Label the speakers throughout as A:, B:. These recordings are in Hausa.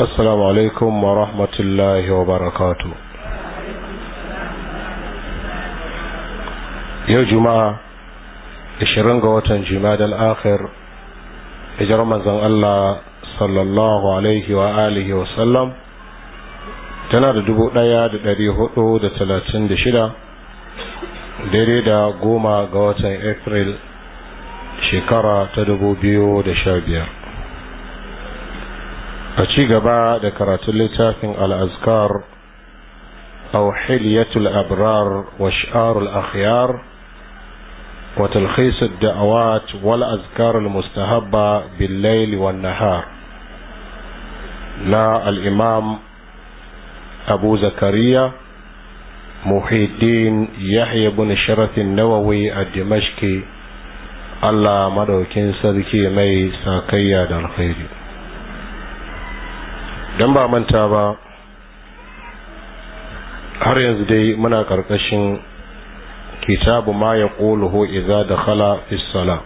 A: السلام عليكم ورحمة الله وبركاته يا جماعة عشرين قوة جماد الآخر اجر من الله صلى الله عليه وآله وسلم tana da dubu ɗaya da ɗari hudu da talatin da shida daidai da goma ga watan Afril shekara ta dubu biyu da sha biyar أشي جبا ذكرت da karatun الأذكار أو حلية الأبرار وشعار الأخيار وتلخيص الدعوات والأذكار المستهبة بالليل والنهار لا الإمام أبو زكريا محي الدين يحيى بن شرف النووي الدمشقي الله مدوكين صدقي مي ساكيا الخير don ba manta ba har yanzu dai muna karkashin kitabu ma ya ƙoluhu iza da khala fissala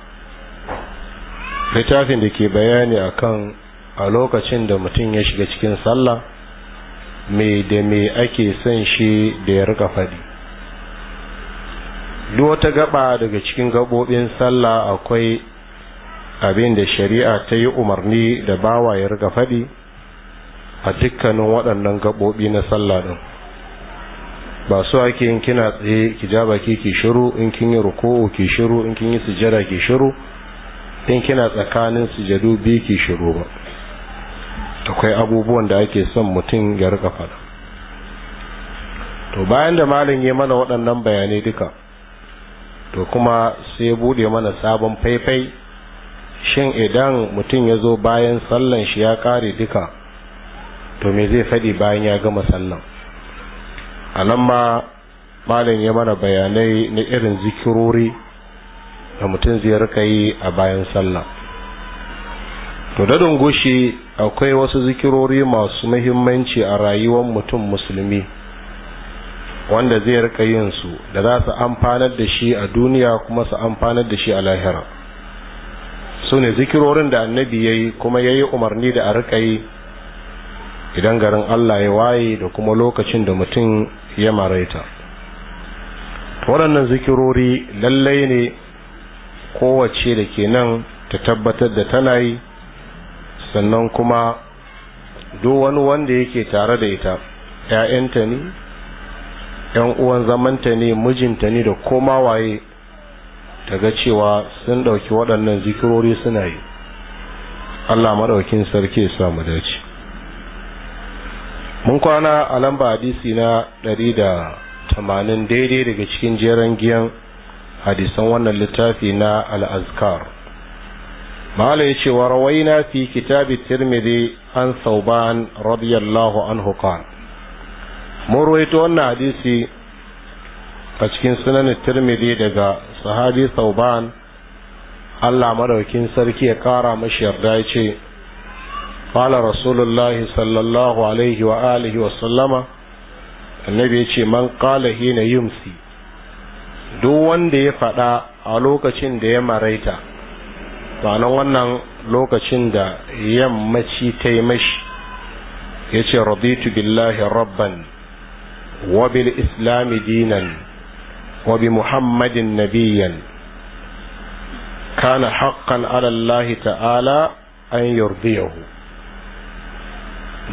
A: littafin da ke bayani akan a lokacin da mutum ya shiga cikin sallah me da me ake son shi da ya rika faɗi duk wata gaba daga cikin gabobin sallah akwai abin da shari'a ta yi umarni da bawa ya rika faɗi a dukkanin waɗannan gaɓoɓi na sallah ɗin ba su ake yin kina tsaye ki ja baki ki shiru in kin yi ruku'u ki shiru in kin yi sujada ki shiru in kina tsakanin sujadu bi ki shiru ba akwai abubuwan da ake son mutum ya rika faɗa to bayan da malam ya mana waɗannan bayanai duka to kuma sai buɗe mana sabon faifai shin idan mutum ya zo bayan sallan shi ya kare duka to me zai faɗi bayan ya gama sallan a nan ma malin ya mana bayanai na irin zikirori da mutum zai rika yi a bayan sallah to dadin goshi akwai wasu zikirori masu muhimmanci a rayuwar mutum musulmi wanda zai rika yin su da za su amfanar da shi a duniya kuma su amfanar da shi a lahira su ne zikirorin da annabi ya yi kuma ya yi umarni da a rika yi idan garin Allah ya waye da kuma lokacin da mutum ya maraita waɗannan zikirori lallai ne kowace da ke nan ta tabbatar da tana yi sannan kuma duk wani wanda yake tare da ita ‘ya'yanta ne ‘yan uwan zamanta ne mijinta ne da koma waye ta ga cewa sun ɗauki waɗannan zikirori suna yi Allah maɗaukin sarki ya samu dace mun kwana a lamba hadisi na ɗari da tamanin daidai daga cikin jeren giyan hadisan wannan littafi na al'azkar ma'ala ya ce warawai na fi kitabi tirmidhi an sauban radiyallahu an hukar mun ruwaito wannan hadisi a cikin sunan tirmidhi daga sahabi sauban Allah madaukin sarki ya kara mashi yarda ya ce قال رسول الله صلى الله عليه وآله وسلم duk wanda ya faɗa a lokacin da ya maraita ma'anar wannan lokacin da yammaci ta yi mashi ya ce raditu billahi rabban wa bil islami dinan wa bi muhammadin nabiyan kana haƙƙan alallahi ta'ala an yurdiyahu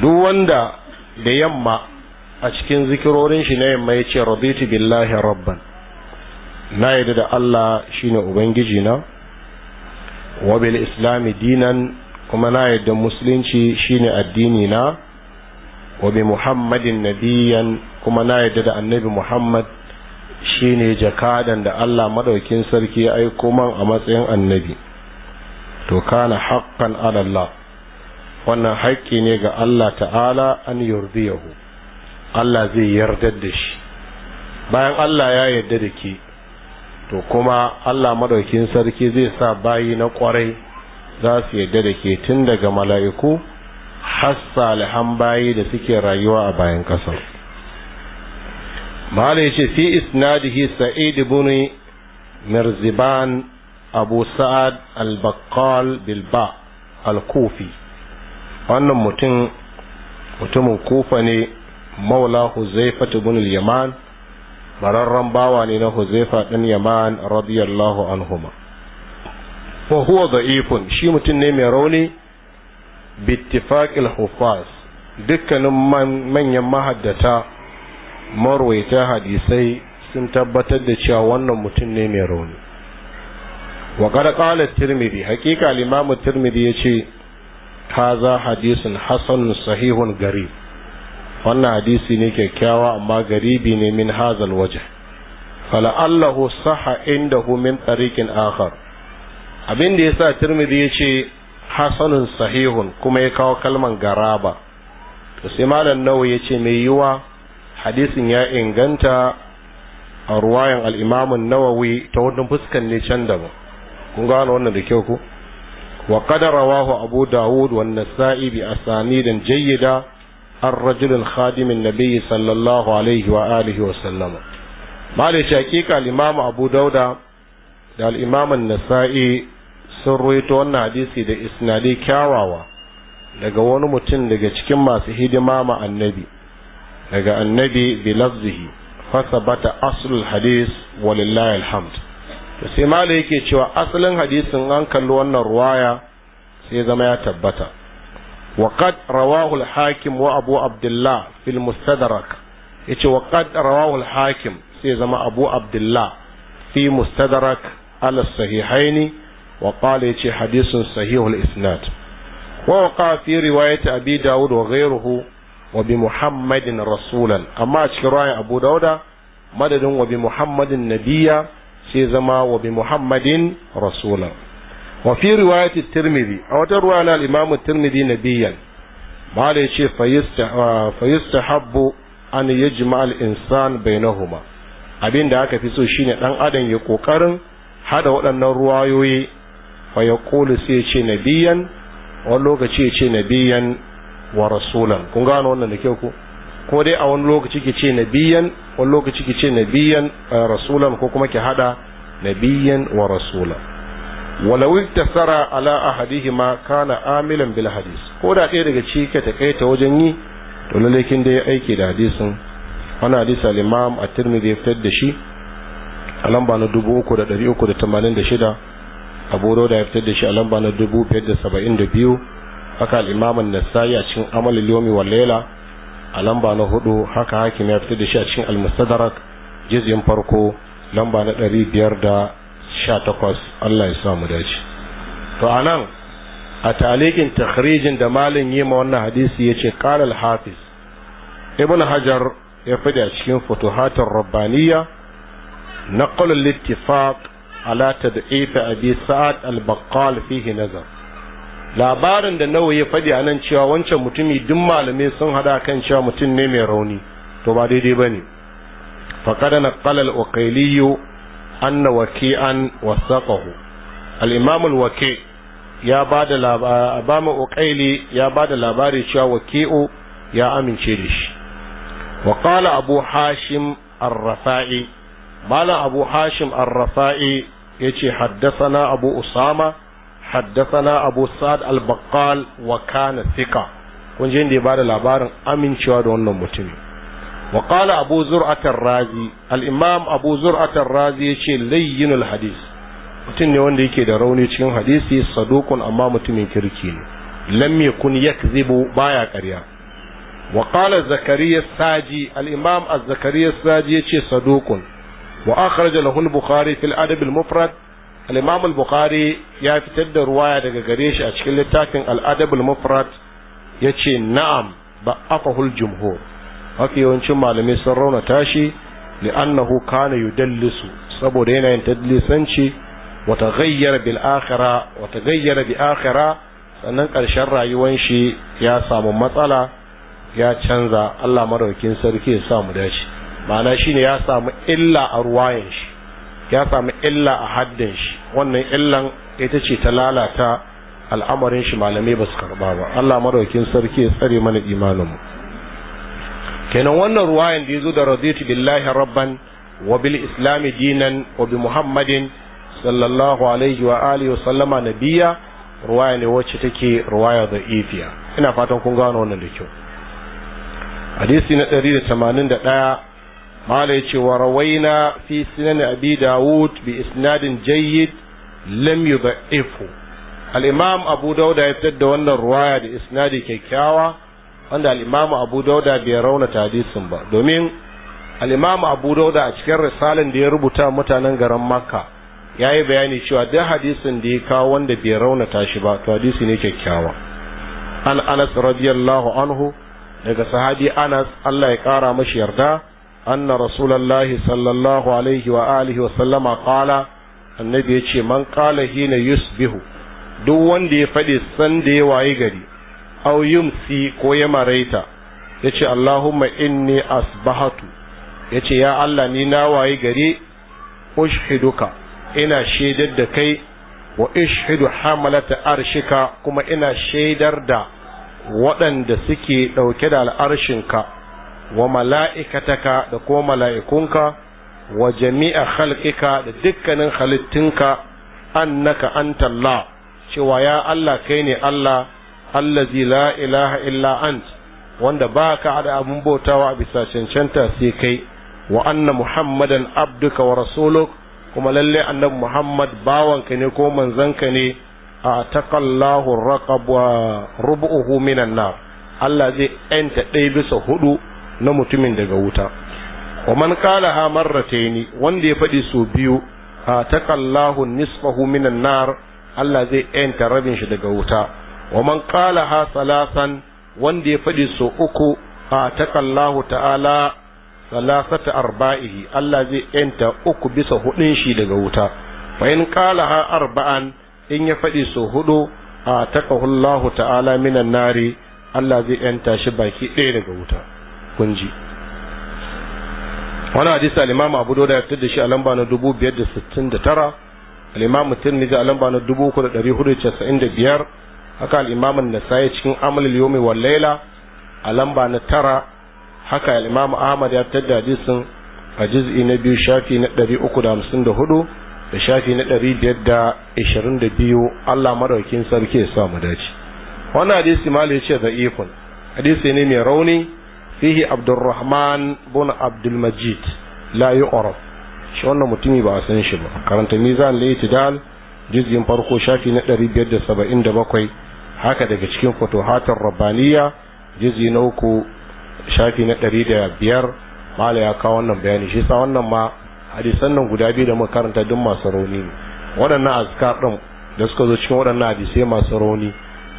A: duk wanda da yamma a cikin zikirorin shi na yamma ce rabitu billahi rabban na yadda da Allah shine ubangiji na wa bil islami dinan kuma na yadda musulunci shine addini na wa bi muhammadin nabiyan kuma na yadda da annabi muhammad shine jakadan da Allah madaukin sarki ya aiko man a matsayin annabi to kana haqqan ala Allah wannan haƙƙi ne ga Allah ta'ala an yahu Allah zai yarda da shi bayan Allah ya yarda da ke to kuma Allah madaukin sarki zai sa bayi na ƙwarai za su yarda da ke tun daga mala'iku har salihan bayi da suke rayuwa a bayan ƙasar mahala ya ce fi isnadihi sa'id ibn mirziban abu sa'ad al-baqqal bilba al-kufi wannan mutum mutumin kufa ne maula huzaifa ibn al-yaman bararren bawa ne na huzaifa ɗin yaman radiyallahu anhuma wa huwa da'ifun shi mutum ne mai rauni bittifaqil hufaz dukkanin manyan mahaddata marwaita hadisai sun tabbatar da cewa wannan mutum ne mai rauni wa qad qala tirmidhi haqiqa al-imam tirmidhi yace haza hadisin hasanun sahihun gari wannan hadisi ne kyakkyawa amma garibi ne min hazal waje fala'allahu saha inda min tsarikin akhar abin da ya sa turmidi ya ce hasanun sahihun kuma ya kawo kalman garaba to sai malam ya yace mai yiwa hadisin ya inganta a ruwayan al'imamun nawawi ta wannan fuskan ne can daban kun gano wannan da kyau ku وقد رواه أبو داود والنسائي بأسانيد جيدة الرجل الخادم النبي صلى الله عليه وآله وسلم ما لشكيك الإمام أبو داود da al'imaman nasa'i sun ruwaito wannan hadisi da isnadi kyawawa daga wani mutum daga cikin masu hidima ma annabi daga annabi bi fasa bata aslul hadis walillahi alhamd to sai yake cewa asalin hadisin an kalli wannan ruwaya sai zama ya tabbata وقد رواه الحاكم وابو عبد الله في المستدرك yace wa qad hakim sai zama abu abdullah fi mustadrak ala sahihaini wa yace hadisun sahihul isnad wa waqa fi riwayati abi daud wa ghayruhu wa bi muhammadin rasulan amma a cikin riwayar abu dauda madadin wa bi muhammadin nabiyya sai zama wa bi muhammadin rasulan wa fi at tirmidhi a wata ruwa na al-imam tirmidhi nabiyan mala yace fa ah, yustahabbu an yajma al-insan bainahuma abin da aka fi so shine dan adam ya kokarin hada waɗannan ruwayoyi fa yaqulu sai yace nabiyan wani lokaci yace nabiyan wa rasulan kun gano wannan da kyau ko ko dai a wani lokaci ki ce nabiyan wani lokaci ki ce nabiyan eh, rasulan ko kuma ki hada nabiyan wa rasula walau tasara ala ahadihima kana amilan bil hadis ko da kai daga ciki ka takaita wajen yi to lalle kin dai aiki da hadisin wani hadisi al-imam at-tirmidhi ya fitar da shi a lamba na 3386 abu da ya fitar da shi a lamba na 572 haka al-imam an-nasai a cikin amal al-yawmi wal layla a lamba na hudu haka hakim ya fito da shi a cikin almustadrak jizyin farko lamba na ɗari biyar da sha takwas allah ya sa mu dace to a nan a talikin takhrijin da malin yi ma wannan hadisi ya ce ƙalal hafiz ibn hajar ya fi da cikin futuhatar rabbaniya نقل da على تضعيف أبي al البقال fihi nazar. labarin da nawa ya faɗi a nan cewa wancan mutumi duk malamai sun hada kan cewa mutum ne mai rauni to ba daidai ba ne faƙada na ƙalal ukailiyu an na wake an wasaƙahu al'imamul wake ya ba da labari ukaili ya ba da labari cewa wake'u ya amince da shi wa ƙala abu hashim arrafa'i malam abu hashim arrafa'i ya ce haddasa na abu usama حدثنا أبو سعد البقال وكان ثقة kun je da ya bada labarin amincewa da wannan mutumi wa qala abu zur'atar razi al-imam abu yace hadis mutum ne wanda yake da rauni cikin hadisi sadukun amma mutumin kirki ne lam yakun yakzibu baya ƙarya wa qala zakariya saji al-imam az-zakariya saji yace sadukun wa akhraja lahu al-bukhari fil adab al-mufrad alimamul imam bukhari ya fitar da ruwaya daga gare shi a cikin littafin al-adab al-mufrad yace na'am ba afahul jumhur mafi yawancin malamai sun raunata shi li'annahu kana yudallisu saboda yana yin tadlisanci wa taghayyara bil akhirah wa taghayyara bi akhirah sannan karshen rayuwar shi ya samu matsala ya canza Allah madaukin sarki ya mu dace ma'ana shine ya samu illa a ruwayan shi ya samu illa a haddin shi wannan illan ita ce ta lalata al'amarin shi malamai ba su karba ba Allah madaukin sarki ya tsare mana imanin mu kenan wannan ruwayan da yazo da raditu billahi rabban wa bil islam dinan wa bi muhammadin sallallahu alaihi wa alihi wa sallama nabiyya ruwaya ne wacce take ruwaya da ifiya ina fatan kun gano wannan da kyau hadisi na 181 malai ce wa rawaina fi sunan abi dawud bi isnadin jayyid lam yudha'ifu al-imam abu dauda ya fitar da wannan ruwaya da isnadi kyakkyawa wanda al-imam abu dauda bai raunata hadisin ba domin al-imam abu dauda a cikin risalin da ya rubuta mutanen garin makka ya yi bayani cewa duk hadisin da ya kawo wanda bai raunata shi ba to hadisi ne kyakkyawa an anas radiyallahu anhu daga sahabi anas allah ya kara mashi yarda أن رسول الله صلى الله عليه وآله وسلم قال النبي يتشي من قال حين يسبه duk wanda ya faɗi sanda ya wayi gari au yumsi ko ya maraita yace ce Allahumma inni asbahatu ya ce ya Allah ni na waye gari ushhiduka ina shaidar da kai wa ishhidu hamalata arshika kuma ina shaidar da waɗanda suke ɗauke da ka. wa mala'ikataka da kuma mala'ikunka wa jami'a khalqika da dukkanin halittunka annaka antalla cewa ya Allah kai ne Allah allazi la ilaha illa ant wanda ba ka da abin bautawa a bisa cancanta sai kai wa anna muhammadan abduka wa rasuluk kuma lalle annabi muhammad bawanka ne ko manzanka ne a taqallahu raqab wa rubuhu minan nar Allah zai enta ɗaya bisa hudu na mutumin daga wuta wa man qala ha marrataini wanda ya faɗi so biyu ha taqallahu nisfahu minan nar Allah zai yanta rabin shi daga wuta wa man qala ha salasan wanda ya faɗi so uku ha taqallahu ta'ala salasata arba'ihi Allah zai yanta uku bisa hudun shi daga wuta fa in qala ha arba'an in ya faɗi so hudu a takahullahu ta'ala minan nari Allah zai yanta shi baki ɗaya daga wuta kun ji wani hadisi al-imam abu dauda ya fitar da shi a lamba na 569 al-imam tirmidhi a lamba na casa'in haka al-imam an-nasai cikin amal al-yawmi wal a lamba na tara haka al-imam ahmad ya fitar da hadisin a juz'i na biyu shafi na 354 da shafi na 522 Allah maɗaukin sarki ya sa mu dace wannan hadisi malai ya ce da ifun hadisi ne mai rauni fihi Abdulrahman bin abdulmajid la yu'raf shi wannan mutumi ba a san shi ba karanta mizan al-itidal juz'in farko shafi na bakwai haka daga cikin futuhatar rabbaniya juz'i na uku shafi na 105 mala ya kawo wannan bayani shi sa wannan ma hadisan nan guda biyu da muka karanta duk masu rauni ne waɗannan azkar din da suka zo cikin waɗannan hadisai masu rauni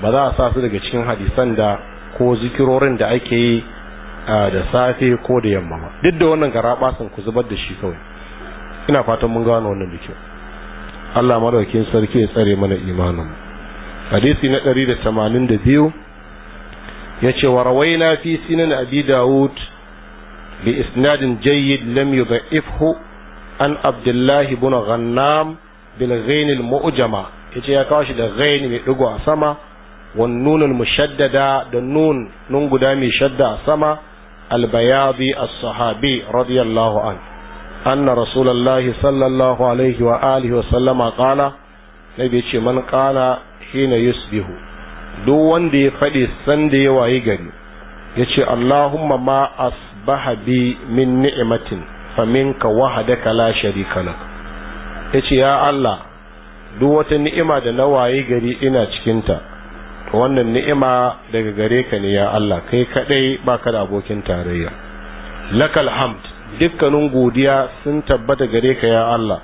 A: ba za a sa su daga cikin hadisan da ko zikirorin da ake yi da safe ko da yamma duk da wannan garaba sun ku zubar da shi kawai ina fatan mun gano wannan da kyau Allah madaukakin sarki ya tsare mana imanin hadisi na 182 yace wa rawaina fi sinan abi daud bi isnadin jayyid lam yudhaifhu an abdullah ibn ghannam bil ghain al mu'jama yace ya kawo shi da ghain mai dugo a sama wan mushaddada da nun nun guda mai shadda a sama البياضي الصحابي رضي الله عنه أن رسول الله wa الله عليه وآله وسلم قال نبي من قال حين يسبه duk wanda ya faɗi sanda ya wayi gari ya ce Allahumma ma asbaha bi min ni'matin fa minka wahadaka la sharika lak ya ce ya Allah duk wata ni'ima da na wayi gari ina cikinta to wannan ni'ima daga gare ka ne ya Allah kai kadai baka da abokin tarayya lakal hamd dukkanin godiya sun tabbata gare ka ya Allah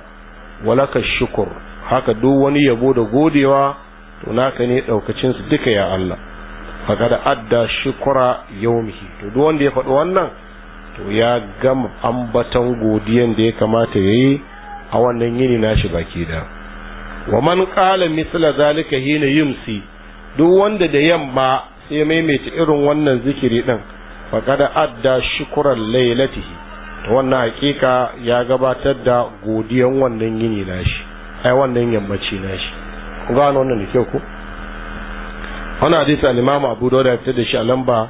A: walaka shukur haka duk wani yabo da godewa to naka ne daukacin su duka ya Allah faqad adda shukura yawmihi to duk wanda ya faɗi wannan to ya gama ambaton godiyan da ya kamata yayi a wannan yini nashi baki da wa man qala misla zalika hina yumsi duk wanda da yamma sai maimaita irin wannan zikiri din kada adda shukran lailatihi to wannan hakika ya gabatar da godiyan wannan yini nashi ai wannan yammaci nashi ku gano wannan da kyau ku? wannan hadisi al-Imam Abu Dawud ya fitar da shi a lamba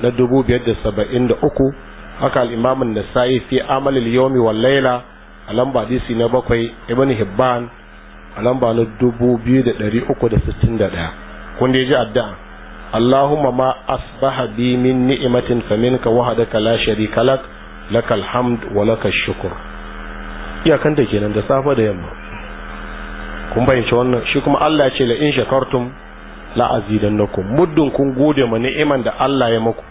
A: na 573 haka al-Imam An-Nasa'i fi amal al-yawmi wal layla a lamba hadisi na bakwai Ibn Hibban a lamba na 2361 kun da ji addu'a Allahumma ma asbaha bi min ni'matin faminka wahdaka la sharika lak lakal hamd wa lakash shukr iyakan da kenan da safa da yamma kun bayyana wannan shi kuma Allah ya ce la in shakartum la azidannakum muddin kun gode ma ni'iman da Allah ya muku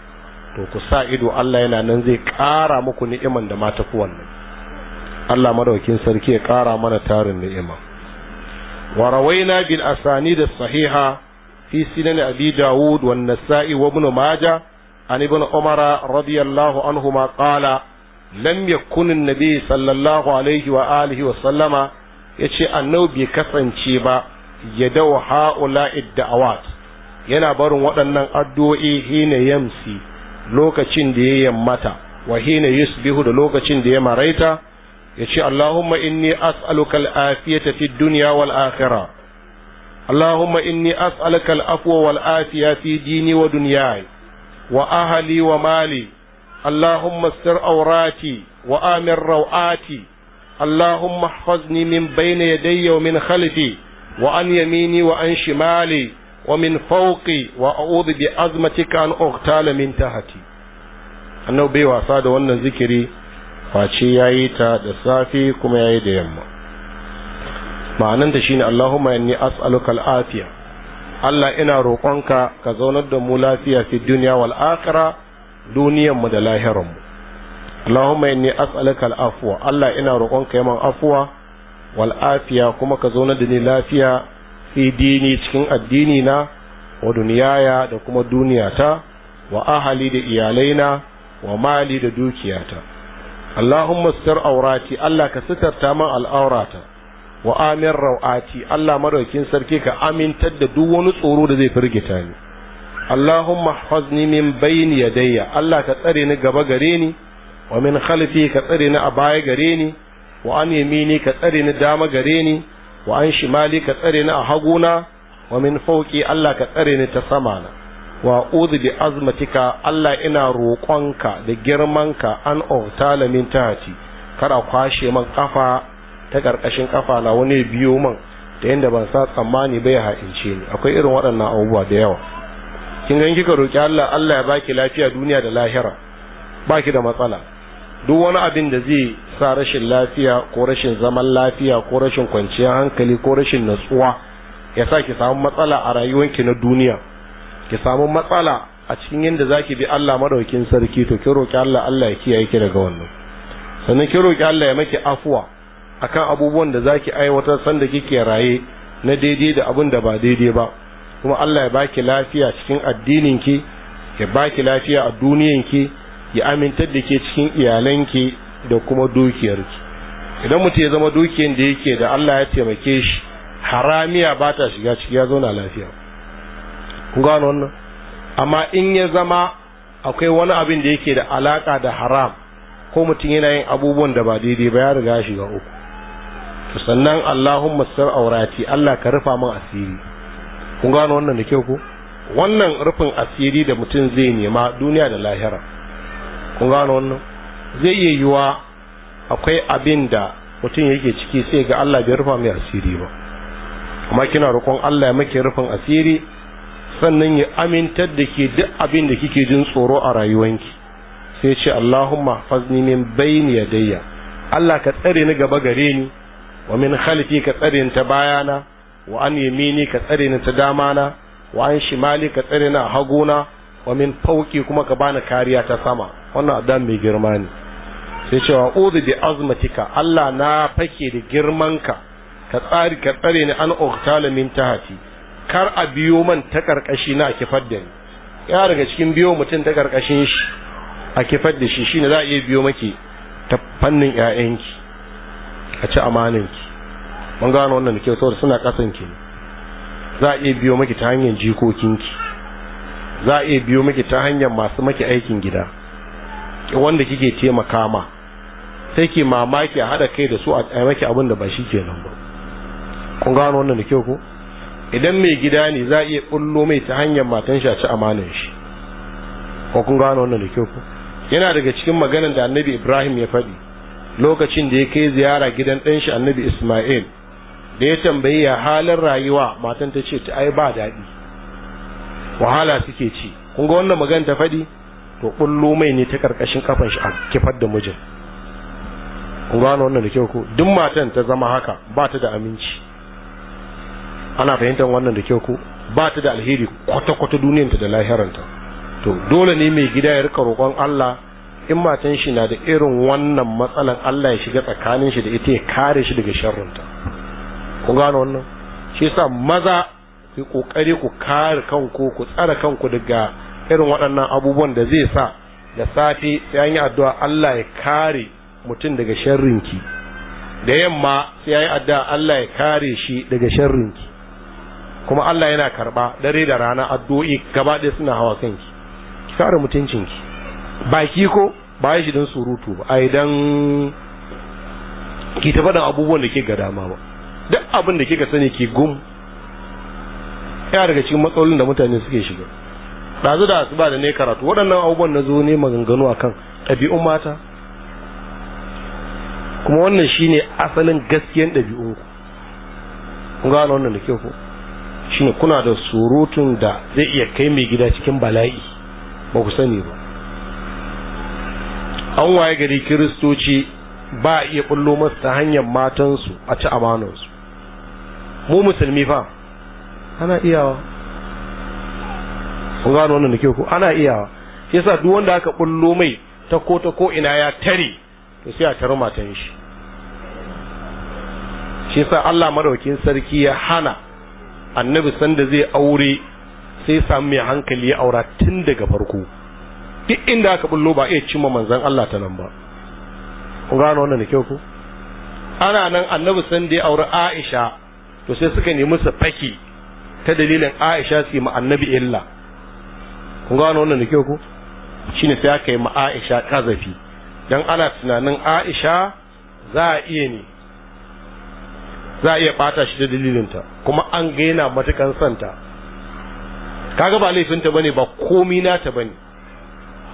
A: to ku sa ido Allah yana nan zai ƙara muku ni'iman da ma tafi wannan Allah madaukin sarki ya ƙara mana tarin ni'ima wa rawaina bil asani da sahiha في سنن أبي داود والنسائي وابن ماجة عن ابن عمر رضي الله عنهما قال لم يكن النبي صلى الله عليه وآله وسلم يشي أنه بكسن شيبا يدو هؤلاء الدعوات ينا برون ودنن أدوئي حين يمسي لوكتشن دي يمتا وحين يسبه لوكتشن دي مريتا يشي اللهم إني أسألك الآفية في الدنيا والآخرة اللهم إني أسألك العفو والعافية في ديني ودنياي وأهلي ومالي اللهم استر أوراتي وآمن روعاتي اللهم احفظني من بين يدي ومن خلفي وعن يميني وعن شمالي ومن فوقي وأعوذ بعظمتك أن أغتال من تحتي annabi bai wasa da wannan zikiri face yayi ta da safe kuma yayi da yamma ma'anan ta shine Allahumma inni as'aluka al'afiya Allah ina roƙonka ka zaunar da mu lafiya fi duniya wal akhira duniyar mu da lahirin mu Allahumma inni as'aluka al-afwa Allah ina roƙonka yaman afwa wal afiya kuma ka zaunar da ni lafiya fi dini cikin addini na wa duniyaya da kuma duniyata wa ahali da iyalaina wa mali da dukiyata Allahumma sir aurati Allah ka sitarta man al'aurata wa amin rawati Allah madaukin sarki ka amintar da duk wani tsoro da zai firgita ni Allahumma hafazni min bayni yadayya Allah ka tsare ni gaba gare ni wa min khalfi ka tsare ni a baya gare ni wa an yamini ka tsare ni dama gare ni wa an shimali ka tsare ni a hagu na. wa min fawqi Allah ka tsare ni ta sama na wa udhu bi azmatika Allah ina roƙonka da girmanka an ta min tahati kada kwashe man kafa ta karkashin kafa na wani biyo man ta yadda ban sa tsammani bai ha'ince ni akwai irin waɗannan abubuwa da yawa kin gan kika roki Allah Allah ya baki lafiya duniya da lahira baki da matsala duk wani abin da zai sa rashin lafiya ko rashin zaman lafiya ko rashin kwanciyar hankali ko rashin natsuwa ya sa ki samu matsala a rayuwanki na duniya ki samu matsala a cikin yadda zaki bi Allah madaukin sarki to ki roki Allah Allah ya kiyaye ki daga wannan sannan ki roki Allah ya maki afuwa akan abubuwan da zaki aiwatar sanda kike raye na daidai da abin da ba daidai ba kuma Allah ya baki lafiya cikin addinin ki ya baki lafiya a duniyan ki ya amintar da ke cikin iyalan ki da kuma dukiyar ki idan mutum ya zama dukiyan da yake da Allah ya taimake shi haramiya ba ta shiga ciki ya zauna lafiya kun gano wannan amma in ya zama akwai wani abin da yake da alaka da haram ko mutum yana yin abubuwan da ba daidai ba ya riga shiga uku sannan Allahumma sar aurati Allah ka rufa min asiri kun gano wannan da kyau ko wannan rufin asiri da mutum zai nema duniya da lahira kun gano wannan zai iya yiwa akwai abinda da mutum yake ciki sai ga Allah bai rufa mai asiri ba amma kina roƙon Allah ya maki rufin asiri sannan ya amintar da ke duk abin da kike jin tsoro a rayuwanki sai ce Allahumma fazni min bayni yadayya Allah ka tsare ni gaba gare ni wa min khalfi ka tsare ta bayana wa an yamini ka tsare ni ta damana wa an shimali ka tsare na haguna wa min fauki kuma ka bani kariya ta sama wannan adam mai girma ne sai cewa uzu bi azmatika Allah na fake da girmanka ka tsari ka tsare ni an uqtala min tahati kar a biyo man ta karkashi na kifar da ni ya daga cikin biyo mutum ta karkashin shi a kifar da shi shine za a iya biyo maki ta fannin ƴaƴanki a ci amananki mun gano wannan da ke saboda suna kasan ki za a iya biyo miki ta hanyar jikokinki za a iya biyo miki ta hanyar masu maki aikin gida wanda kike taimaka ma sai ki mamaki a haɗa kai da su a maki abin da ba shi nan ba kun gano wannan da kyau ko idan mai gida ne za a iya bullo mai ta hanyar matan shi a ci amanin shi ko kun gano wannan da kyau ko yana daga cikin maganar da annabi ibrahim ya faɗi lokacin da ya kai ziyara gidan ɗan shi annabi isma'il da ya tambayi ya halin rayuwa matan ta ce ta ai ba daɗi wahala suke ci kun ga wannan magana ta faɗi to kullu mai ne ta karkashin kafan shi a kifar da mijin kun gano wannan da kyau ko duk matan ta zama haka ba ta da aminci ana fahimtar wannan da kyau ko ba ta da alheri kwata-kwata duniyanta da lahiranta to dole ne mai gida ya rika roƙon Allah in matan shi na da irin wannan matsalan Allah ya shiga tsakanin shi da ita ya kare shi daga sharrunta. ku gano wannan shi yasa maza ku kokari ku kare kanku ku tsara kanku daga irin waɗannan abubuwan da zai sa da safe sai an yi addu'a Allah ya kare mutum daga sharrinki da yamma sai an yi addu'a Allah ya kare shi daga sharrinki kuma Allah yana karba dare da rana addu'o'i gaba ɗaya suna hawa kanki ki kare mutuncinki baki ko ba shi don surutu ba a idan ki ta faɗin abubuwan da ke ga dama ba duk abin da kika sani ki gum yana daga cikin matsalolin da mutane suke shiga ɗazu da asuba da ne karatu waɗannan abubuwan na zo ne maganganu akan ɗabi'un mata kuma wannan shine asalin gaskiyan ɗabi'un ku kun gano wannan da kyau ko shine kuna da surutun da zai iya kai mai gida cikin bala'i ba ku sani ba an waye gari kiristoci ba a iya bullo masu ta hanyar matansu a ci amanansu mu musulmi fa ana iyawa kun gano wannan da ke ku ana iyawa yasa duk wanda aka bullo mai ta ko ta ko ina ya tare to sai a tare matan shi shi yasa Allah madaukin sarki ya hana annabi sanda zai aure sai samu mai hankali ya aura tun daga farko duk inda aka bullo ba iya cimma manzan Allah ta nan ba kun gano wannan da kyau ku ana nan annabi san da ya auri Aisha to sai suka nemi su faki ta dalilin Aisha su yi ma annabi illa kun gano wannan da kyau ku shine sai aka yi ma Aisha kazafi dan ana tunanin Aisha za a iya ne za a iya bata shi da dalilinta kuma an gaina matukan santa kaga ba laifinta bane ba komi nata bane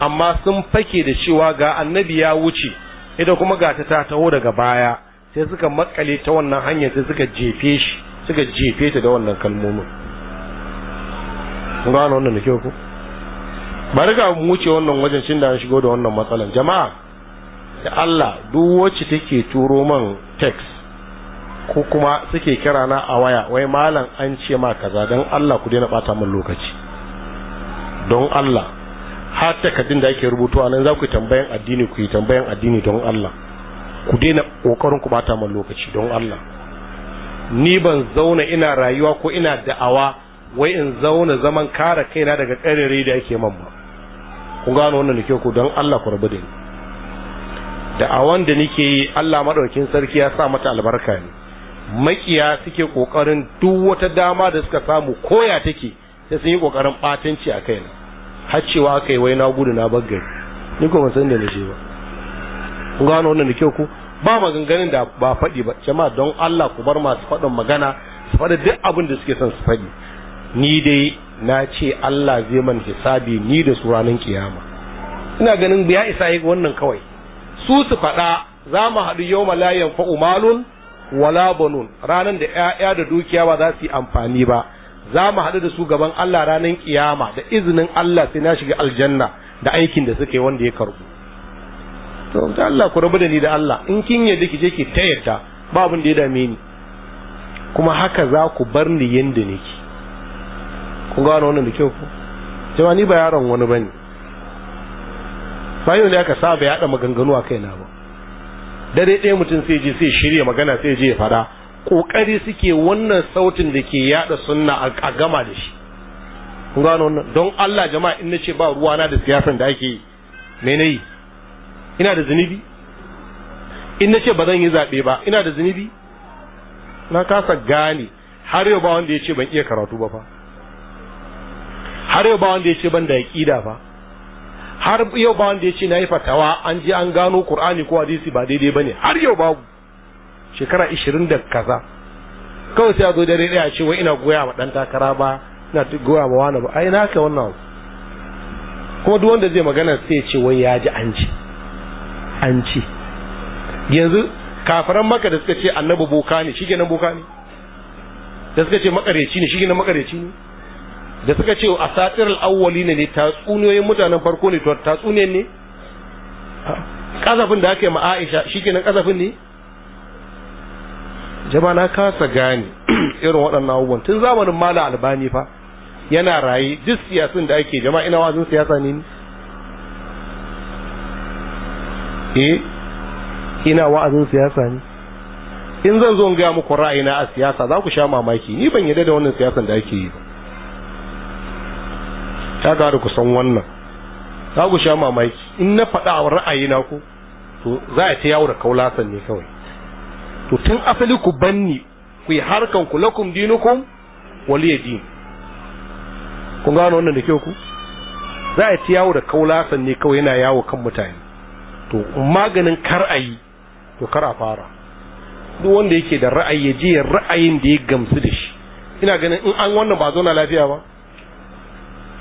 A: amma sun fake da cewa ga annabi ya wuce ita kuma ga ta taho daga baya sai suka makale ta wannan hanyar sai suka jefe shi suka jefe ta da wannan kalmomin kun gano wannan da kyau ku. bari ga mu wuce wannan wajen cin da an shigo da wannan matsalan jama'a da Allah duk wacce take turo man text ko kuma suke kira na a waya wai malam an ce ma kaza don Allah ku daina bata min lokaci don Allah har takardun da ake rubutu a nan za ku yi tambayan addini ku yi tambayan addini don Allah ku daina kokarin ku bata man lokaci don Allah ni ban zauna ina rayuwa ko ina da'awa wai in zauna zaman kare kaina daga tsarere da yake man ba ku gano wannan da ku don Allah ku rabu da ni da'awan da nake yi Allah madaukin sarki ya sa mata albarka ne makiya suke kokarin duk wata dama da suka samu koya take sai sun yi kokarin batanci a kaina har cewa aka yi wai na gudu na bar ni ko ban san da naje ba kun gano wannan da kyau ku ba maganganun da ba faɗi ba jama'a don Allah ku bar masu faɗin magana su faɗi duk abin da suke son su faɗi ni dai na ce Allah zai man hisabi ni da su ranar kiyama ina ganin ya isa yi wannan kawai su su faɗa za mu haɗu yau malayan fa'u malun wala banun ranar da ‘ya'ya da dukiya ba za su yi amfani ba za mu haɗu da su gaban Allah ranar kiyama da izinin Allah sai na shiga aljanna da aikin da suke wanda ya karbu to ta Allah ku rabu da ni da Allah in kin yadda ki je ki ta yadda ba abin da ya dame ni kuma haka za ku bar ni yanda nake kun gano wannan da kyau ko jama'a ni ba yaron wani bane ba yau ne aka saba haɗa maganganu a kaina ba dare ɗaya mutum sai je sai shirya magana sai je ya fada kokari suke wannan sautin da ke yada sunna a gama da shi don Allah jama'a in ce ba ruwa na da siyasan da ake mene yi ina da zunubi in ce ba zan yi zaɓe ba ina da zunubi na kasa gane har yau ba wanda ya ce ban iya karatu ba fa har yau ba wanda ya ce ban da ƙida fa har yau ba wanda ya ce na yi fatawa an je an gano Qur'ani ko hadisi ba daidai ba ne har yau babu shekara ishirin da kaza kawai sai a zo dare ɗaya a ce wai ina goya ma ɗan takara ba ina goya ma wani ba ai na ka wannan kuma duk wanda zai magana sai ce wai ya ji an ci an ci yanzu kafaran maka da suka ce annabi boka ne shi kenan boka ne da suka ce makareci ne shi kenan makareci ne da suka ce a satir al'awwali ne ne tatsuniyoyin mutanen farko ne to tatsuniyan ne kazafin da aka yi ma Aisha shi kenan kazafin ne jama'a na kasa gane irin waɗannan abubuwan tun zamanin mala albani fa yana raye duk siyasun da ake jama'a ina wazin siyasa ne ne eh ina wa'azin siyasa ne in zan zo in gaya muku ra'ayina a siyasa za ku sha mamaki ni ban yarda da wannan siyasan da ake yi ba ta gada ku san wannan za ku sha mamaki in na faɗa ra'ayina ku to za a ta yawo da kaulasan ne kawai to tun asali ku banni ku yi harkan ku lakum dinukum ya din kun gano wannan da kyau ku za a ci yawo da kaulasan ne kawai yana yawo kan mutane to maganin kar a yi to kar a fara duk wanda yake da ra'ayi ya je ra'ayin da ya gamsu da shi ina ganin in an wannan ba zauna lafiya ba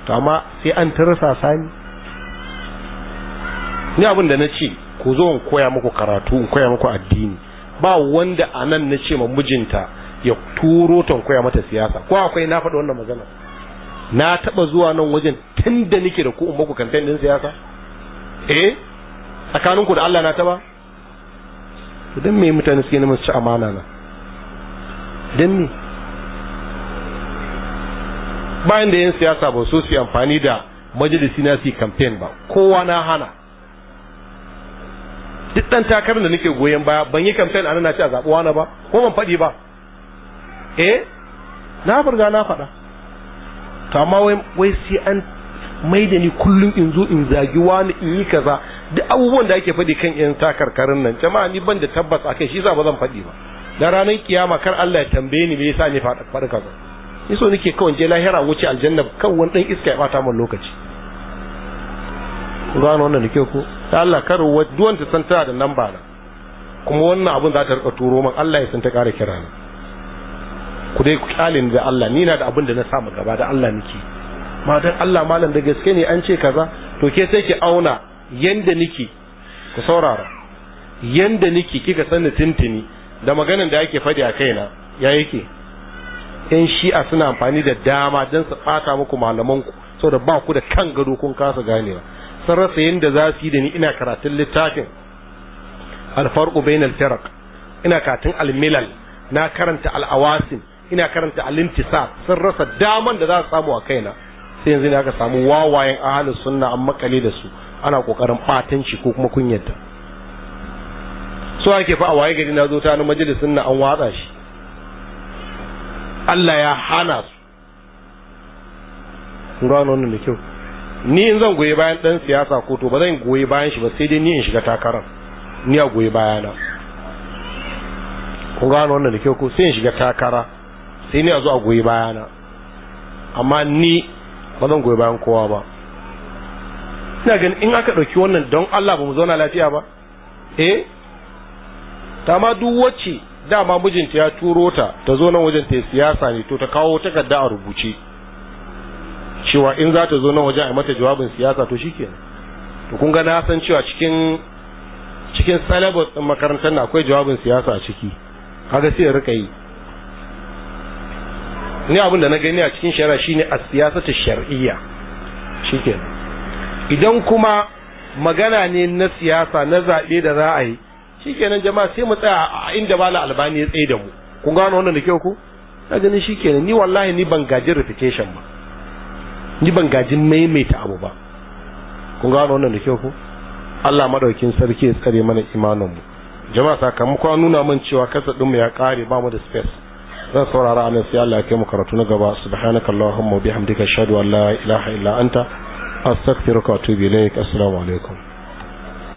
A: to amma sai an tarasa sani ni abin da na ce ku zo in koya muku karatu in koya muku addini ba wanda a nan na ce ma mijinta ya turo tankoya mata siyasa ko akwai na faɗi wannan magana na taɓa zuwa nan wajen tun da nake da ku in muku kamfen ɗin siyasa eh tsakaninku da Allah na taɓa don me mutane suke neman su ci amana na don me bayan da yin siyasa ba so su amfani da majalisi na su kamfen ba kowa na hana duk dan takarar da nake goyon baya ban yi kamfen a na ce a zaɓuwa na ba ko ban faɗi ba eh na furga na faɗa to amma wai wai sai an mai da ni kullum in zo in zagi wani in yi kaza duk abubuwan da ake faɗi kan yan takarkarin nan jama'a ni ban da tabbas akai shi za ba zan faɗi ba da ranar kiyama kar Allah ya tambaye ni me yasa ni faɗi kaza ni so nake kawai je lahira wuce aljanna kawai wani dan iska ya bata min lokaci zana gano wannan da ke ko ta Allah kar duwan ta san tana da namba na kuma wannan abin za ta rika turo man Allah ya san ta kara kira ni ku dai ku kyalin da Allah ni na da abin da na samu gaba da Allah nake ma dan Allah malam da gaske ne an ce kaza to ke sai ki auna yanda nake ku saurara yanda nake kika ni tintini da maganan da yake fadi a kaina ya yake yan shi'a suna amfani da dama don su bata muku malamanku saboda ba ku da kan gado kun kasa ganewa sun rasa yadda za su yi da ni ina karatun littafin alfarku bainal firaq ina karatun almilal na karanta al'awasin ina karanta al'intisa sun rasa daman da za su samu a kaina sai yanzu ne aka samu wawayen ahalin sunna an makale da su ana kokarin fatanci ko kuma kunyata so ake fa a waye gari na zo ta na majalisun na an watsa shi Allah ya hana su gano kyau ni in zan goyi bayan dan siyasa ko to ba zan goyi bayan shi ba sai dai ni in shiga takarar ni a goyi bayana Ko gano wannan da kyau ko sai in shiga takara sai ni a zo a goyi bayana amma ni ba zan goyi bayan kowa ba ina ganin in aka ɗauki wannan don Allah ba mu zauna lafiya ba eh ta ma duk wacce dama mijinta ya turo ta ta zo nan wajen ta siyasa ne to ta kawo takarda a rubuce cewa in za ta zo nan waje a mata jawabin siyasa to shikenan to kun ga na san cewa cikin cikin salabus din makarantar na akwai jawabin siyasa a ciki kaga sai rika yi ni abin da na gani a cikin shari'a shine a ta shar'iyya shikenan idan kuma magana ne na siyasa na zaɓe da za a yi shikenan jama'a sai mu tsaya a inda bala albani ya tsaye da mu kun gano wannan da kyau ku na ganin shikenan ni wallahi ni ban gaji reputation ba ni ban gajin maimaita abu ba kun gano wannan da kyau ko Allah madaukin sarki ya tsare mana imanin mu jama'a sakamakon nuna min cewa kasa din mu ya kare ba mu da space zan saurara anan sai Allah ya kai mu karatu na gaba allahumma wa bihamdika ashhadu an la ilaha illa anta astaghfiruka wa atubu ilaik assalamu alaikum